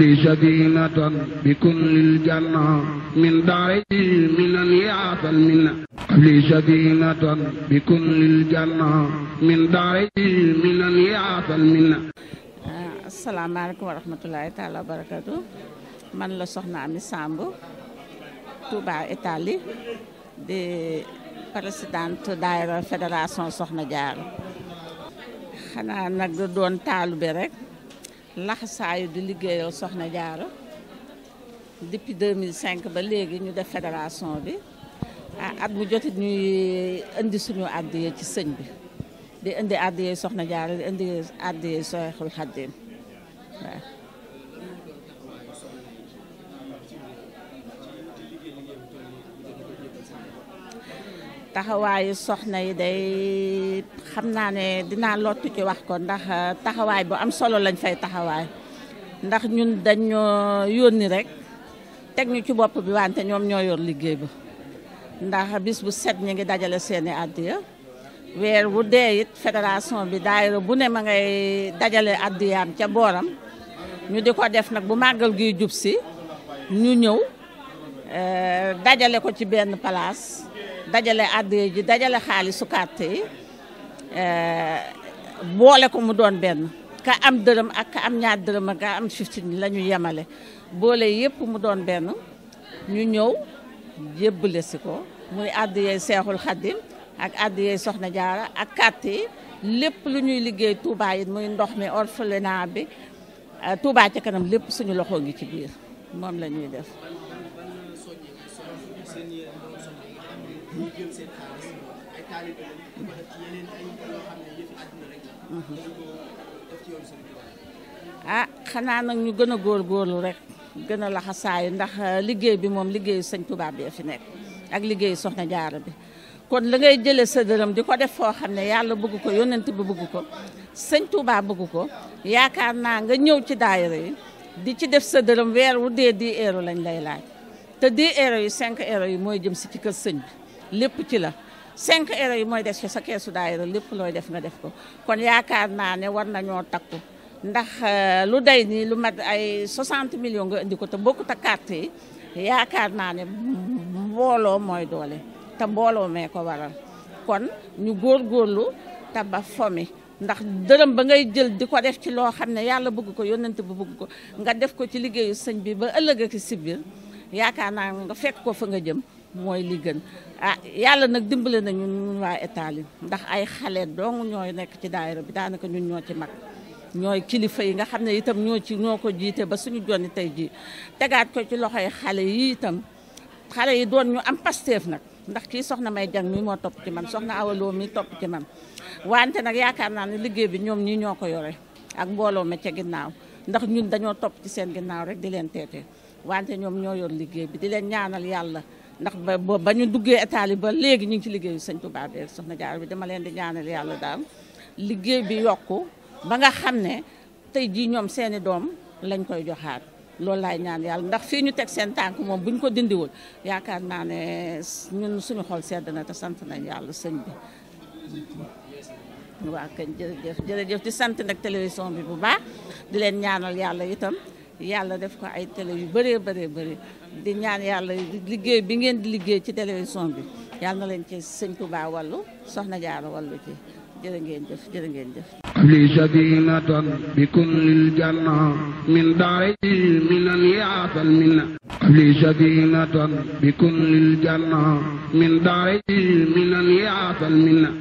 لي سكينة بكل الجنة من داري من يعطى المنة لي سكينة بكل الجنة من داري من يعطى المنة السلام عليكم ورحمة الله تعالى وبركاته man la soxna Ami Samb Touba Italie di présidente daayira fédération Soxna Jaara xanaa nag doon taalu bi rek laxasaayu di liggéeyal Soxna Jaara depuis 2005 ba léegi ñu def fédération bi ah, at mu jotit ñuy indi suñu àddiyee ci sëñ bi di indi àddiyee Soxna jaaro di indi àddiyee Seexul Xadiim waaw taxawaayu soxna yi day xam naa ne dina lottu ci wax ko ndax euh, taxawaay bu am solo lañ fay taxawaay ndax ñun dañoo yónni rek teg ñu ci bopp bi wante ñoom ñoo yor liggéey bi ndax bis bu set ñu ngi dajale seeni addiya weer wu dee it fédération bi daayira bu ne ma ngay dajale addiyaam ca booram ñu di ko def nag bu màggal gi jub si ñu ñëw euh, dajale ko ci benn palaas dajale àddee ji dajale xaalisu carte yi eh, boole ko mu doon benn ka am dërëm ak ka am ñaar dërëm ak ka am fifteen la ñu yemale boole yëpp mu doon benn ñu ñëw jébbale si ko muy àddee seexul xaddim ak àddee soxna jaara ak carte yi lépp lu ñuy liggéey Touba yi muy ndox mi orphelinat bi eh, Touba ci kanam lépp suñu loxoo ngi ci biir moom la ñuy def ah xanaa nag ñu gën a góorgóorlu rekk gën a laxasaayu ndax euh, liggéey bi moom liggéeyu sëñ Tuubaa bi fi nekk ak liggéeyu soxna jaaro bi kon la ngay jëlee sa dërëm di ko def foo xam ne yàlla bëgg ko yónnent bi bëgg ko sëñ Tuubaa bëgg ko yaakaar naa nga ñëw ci daayira yi di ci def sa dërëm weer wu dee di eeru lañ lay laaj te di euros yi cinq euros yi mooy jëm si ci kër sëñ bi lépp ci la cinq euros yi mooy def si sa keesu daayira lépp looy def nga def ko kon yaakaar naa ne war nañoo takku ndax euh, lu day nii lu mat ay 60 million nga indi ko te bokkut ak carte yi yaakaar naa ne mbooloo mooy doole te mbooloo mee ko waral kon ñu góor góorgóorlu te ba fomi ndax dërëm ba ngay jël di ko def ci loo xam ne yàlla bëgg ko yónnante bu bëgg ko nga def ko ci liggéeyu sëñ bi ba ëllëg ak si yaakaar naa nga fekk ko fa nga jëm mooy li gën ah yàlla nag dimbale nañu ñun waa état li ndax ay xale dong ñooy nekk ci daayira bi daanaka ñun ñoo ci mag ñooy kilifa yi nga xam ne itam ñoo ci ñoo ko jiite ba suñu jonni tey jii tegaat ko ci loxo yi xale yi itam xale yi doon ñu am pasteef nag ndax kii soxna may jang mi moo topp ci man soxna awaloo mii topp ci man wante nag yaakaar naa ne liggéey bi ñoom ñii ñoo ko yore ak mbooloo ma ca ginnaaw ndax ñun dañoo topp ci seen ginnaaw rek di leen teete wante ñoom ñoo yor liggéey bi di leen ñaanal yàlla ndax ba ba ñu duggee état li ba léegi ñu ngi ci liggéeyu sëñ Tuubaa bi soxna jaar bi dama leen di ñaanal yàlla daal liggéey bi yokk ba nga xam ne tey jii ñoom seeni doom lañ koy joxaat loolu laay ñaan yàlla ndax fii ñu teg seen tànk moom bu ñu ko dindiwul yaakaar naa ne ñun suñu xol sedd na te sant nañ yàlla sëñ bi waaw kañ jërëjëf jërëjëf di sant nag télévision bi bu baax di leen ñaanal yàlla itam yàlla def ko ay télé yu bëree bëree bëri di ñaan yàlla liggéey bi ngeen di liggéey ci télévision bi yàlla leen ci sëñ Touba wàllu soxna Jaara wàllu ci jërë ngeen jëf jërë ngeen jëf li sadinatan bi kullil janna min daari minan yaatal minna